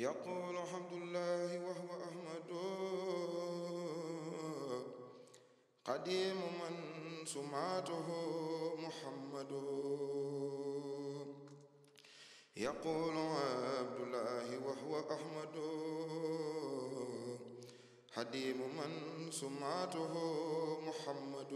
يقول حمد الله وهو أحمد قديم من سمعته محمد يقول عبد الله وهو أحمد حديم من سمعته محمد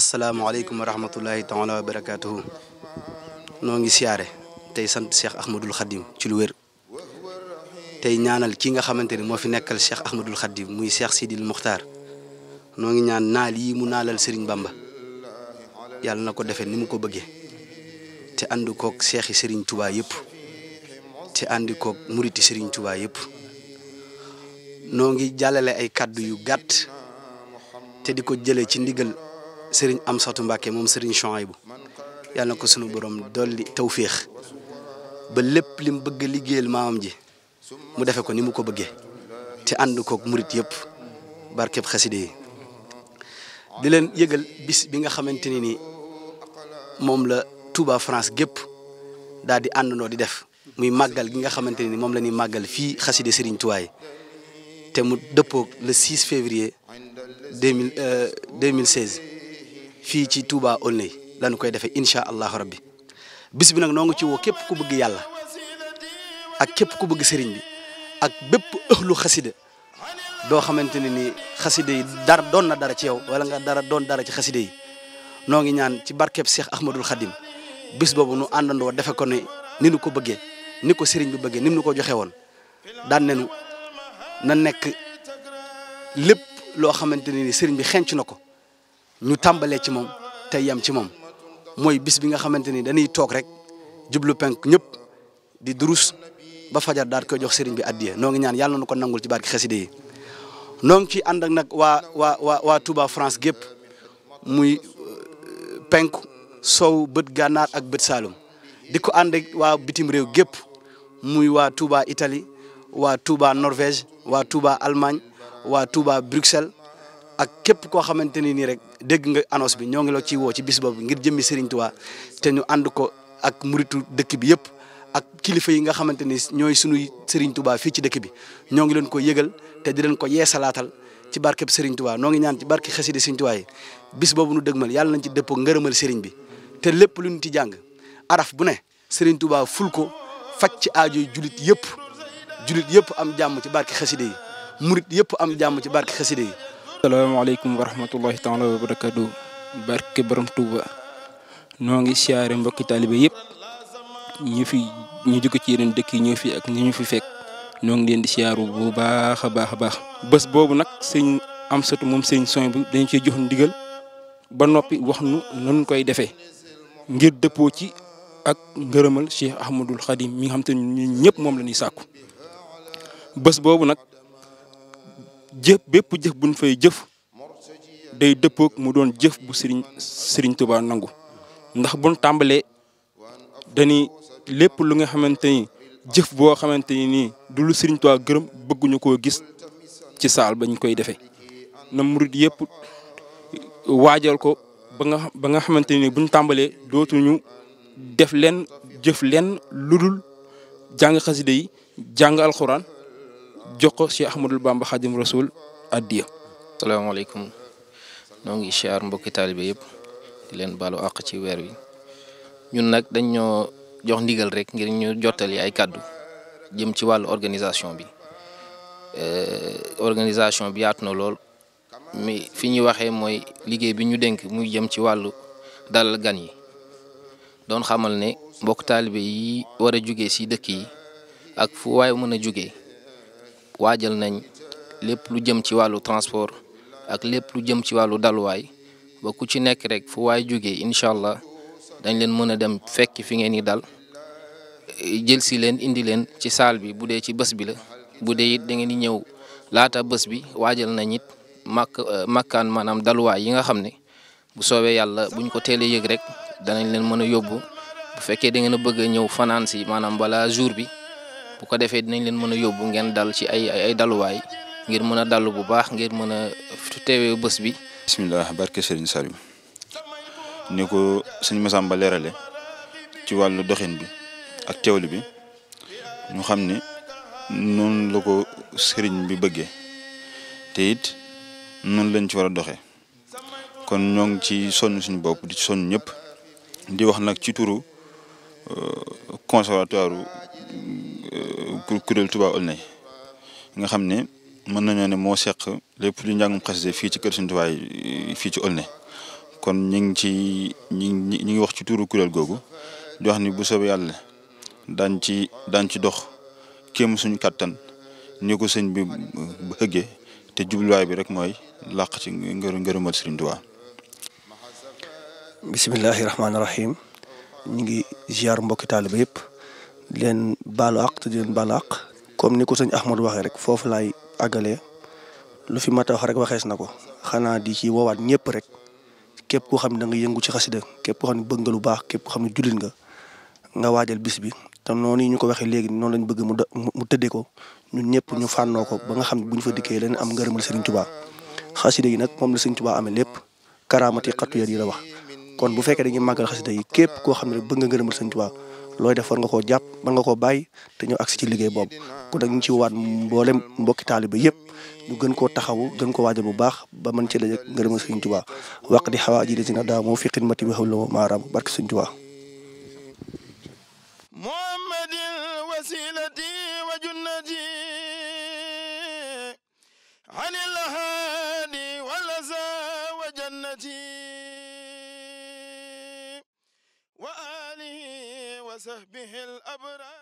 asalaamaaleykum wa rahmatullahi taala wa barakaatuhu noo ngi siyaare tey sant seex Ahmadul Khadim ci lu wér tey ñaanal ki nga xamante ni moo fi nekkal Cheikh Ahmadul Khadim muy Cheikh Sidil Muxtaar noo ngi ñaan naal yi mu naalal sëriñ Bamba yàlla na ko defe ni mu ko bëggee te ànd koog seexi Serigne Touba yëpp te ànd koog muriti Serigne Touba yëpp noo ngi jàllale ay kàddu yu gàtt te di ko jëlee ci sëriñ am Amsatu mbakke moom Serigne Chouaïbou yàlla na ko sunu borom dolli tawféex ba lépp li mu bëgg liggéeyal maamam ji mu defe ko ni mu ko bëggee te ànd koog murit yëpp barkeb xaside yi di leen yëgal bis bi nga xamante ni ni moom la Touba France gépp daal di àndandoo di def muy màggal gi nga xamante ni moom la ñuy màggal fii xaside Serigne Touba te mu dëppook le 6 février 2000 2016 euh, fii ci Touba Aulnay koy defee incha allahu rabbi bis bi nag noo ngi ci woo képp ku bëgg yàlla ak képp ku bëgg sëriñ bi ak bépp ëxlu xasida doo xamante ne ni xasida yi dara doon na dara ci yow wala nga dara doon dara ci xasida yi noo ngi ñaan ci barkeb Seex Ahmadul Xadim bis boobu nu àndandoo defe ko ne ni nu ko bëggee ni ko sëriñ bi bëggee ni mu nu ko joxe woon daan nenu na nekk lépp loo xamante ni sëriñ bi xenc na ko ñu tàmbalee ci moom te yam ci moom mooy bis bi nga xamante ni dañuy toog rek jublu penk ñëpp di durus ba fajar daal koy jox sëriñ bi addiya noo ngi ñaan yàlla na ko nangul ci barke xaside yi noo ngi ciy ànd nag waa waa waa waa Touba France gépp muy euh, penk sow bët gànnaar ak bët saalum di ko ànd waa bitim réew gépp muy waa Touba itali waa Touba Norvège waa Touba Allemagne waa Touba Bruxelles ak képp koo xamante ni nii rek dégg nga annonce bi ñoo ngi la ciy woo ci bis boobu ngir jëmmi Serigne Touba te ñu ànd ko ak muritu dëkk bi yëpp ak kilifa yi nga xamante ni ñooy sunuy Serigne tubaa fii ci dëkk bi ñoo ngi leen ko yëgal te di leen ko yeesalaatal ci barke Serigne Touba noo ngi ñaan ci barke xasida Serigne Touba yi bis boobu nu dëgmal yàlla nañ ci dëppoo ngërëmal Serigne bi te lépp lu ñu ci jàng araf bu ne Serigne tubaa ful ko faj ci aajo julit yëpp julit yëpp am jàmm ci barke xasida yi murit am jàmm ci barke xasida salaamaaleykum wa rahmatullahi taala wa barakatu barke borom Touba noo ngi siyaare mbokki taalibe yëpp ñu fi ñu jóge ci yeneen dëkk yi ñoo fi ak ñu ñu fi fekk noo ngi leen di siyaaru bu baax a baax a baax bës boobu nag sëñ am satu moom sëñ soñ bi dañu cee jox ndigal ba noppi wax nu nun koy defee ngir dëppoo ci ak ngërëmal Cheikh Ahmadul Xadim mi nga xam te ne ñun ñëpp moom la ñuy sàkku bés boobu nag jëf bépp jëf buñ fay jëf day dëppook mu doon jëf bu sëriñ sëriñ nangu ndax buñ tàmbalee dañuy lépp lu nga xamante ni jëf boo xamante ni nii du lu sëriñ gërëm bëgguñu koo gis ci saal bañ koy defee na murit yëpp waajal ko ba nga ba nga xamante ni buñ tàmbalee dootuñu def leen jëf leen ludul jàng xaside yi jàng alxuraan jox ko Cheikh Ahmadul Bamba Xadim Rasul addiya. salaamaaleykum ñoo ngi siyaar mbokki taalibe yëpp leen baalu àq ci weer wi ñun nag dañ jox ndigal rek ngir ñu jottali ay kàddu jëm ci wàllu organisation bi eh, organisation bi yaatu na lool mi fi ñuy waxee mooy liggéey bi ñu dénk muy jëm ci wàllu dalal gan yi doon xamal ne mbokk taalibe yi war a jugee si dëkk yi ak fu waaye mën a jóge waajal nañ lépp lu jëm ci wàllu transport ak lépp lu jëm ci wàllu daluwaay ba ku ci nekk rek fu waay jógee incha allah dañ leen mën a dem fekk fi ngeen di dal jël si leen indi leen ci saal bi bu dee ci bës bi la bu dee it da ngeen di ñëw laata bës bi waajal nañ it màkk màkkaan maanaam daluwaay yi nga xam ne bu soobee yàlla buñ ko teelee yëg rek danañ leen mën a yóbbu bu fekkee da ngeen a bëgg a ñëw fanaan si maanaam balaa jour bi. bu ko defee dinañ leen mën a yóbbu ngeen dal ci ay ay daluwaay ngir mën a dalu bu baax ngir mën a teewee bés bi. bisimilah barke sëriñ Saliou ni ko sëñ Massamba leerale ci wàllu doxin bi ak teewlu bi ñu xam ne noonu lu ko sëriñ bi bëggee te it noonu lañ ci war a doxee kon ñoo ngi ci sonn suñu bopp di ci sonn ñëpp di wax nag ci turu euh, conservatoire kuréel Touba Aulnay nga xam ne mën nañoo ne moo seq lépp lu njàngum xasida fii ci kër Sëriñ Touba fii ci Aulnay kon ñu ngi ci ñi ngi wax ci tuuru kuréel googu di wax ni bu soobee yàlla daan ci daan ci dox kéem suñu kàttan ni ko sëñ bi bëggee te jubluwaay bi rek mooy làq ci ngër ngërëmal Sëriñ Touba bismillahi rahmaani rahim ñu ngi ziar mbokki taaliba yëpp di leen baalu àq te di leen baalu àq comme ni ko sëñ Ahmadu waxee rek foofu laay àggalee lu fi mat a wax rek waxees na ko xanaa di ci woowaat ñëpp rek képp koo xam ne danga yëngu ci xasida képp ko xam ne bëgg nga lu baax képp xam ne jullit nga nga waajal bis bi te noonu ñu ko waxee léegi noonu lañ bëgg mu mu tëddee ko ñun ñëpp ñu fànnoo ko ba nga xam ne bu ñu fa dikkee leen am ngërëmal Sëriñ Tuubaa xasida yi nag moom la Sëriñ Tuubaa amee lépp karaamati yi la wax kon bu fekkee dañuy màggal xasida yi képp koo xam ne bëgg nga ngërëmal looy def war nga koo jàpp mën nga koo bàyyi te ñëw agsi ci liggéey boobu kon nag ñu ci mbokki taalibe yëpp ñu gën koo taxawu gën ko waajal bu baax ba mën ci daje ngërëma Sëriñ Tuubaa waq di xawaa ji dina daamoo fi xidmati bi xawlu maaraam barke Sëriñ Tuubaa وسهبه الأبرار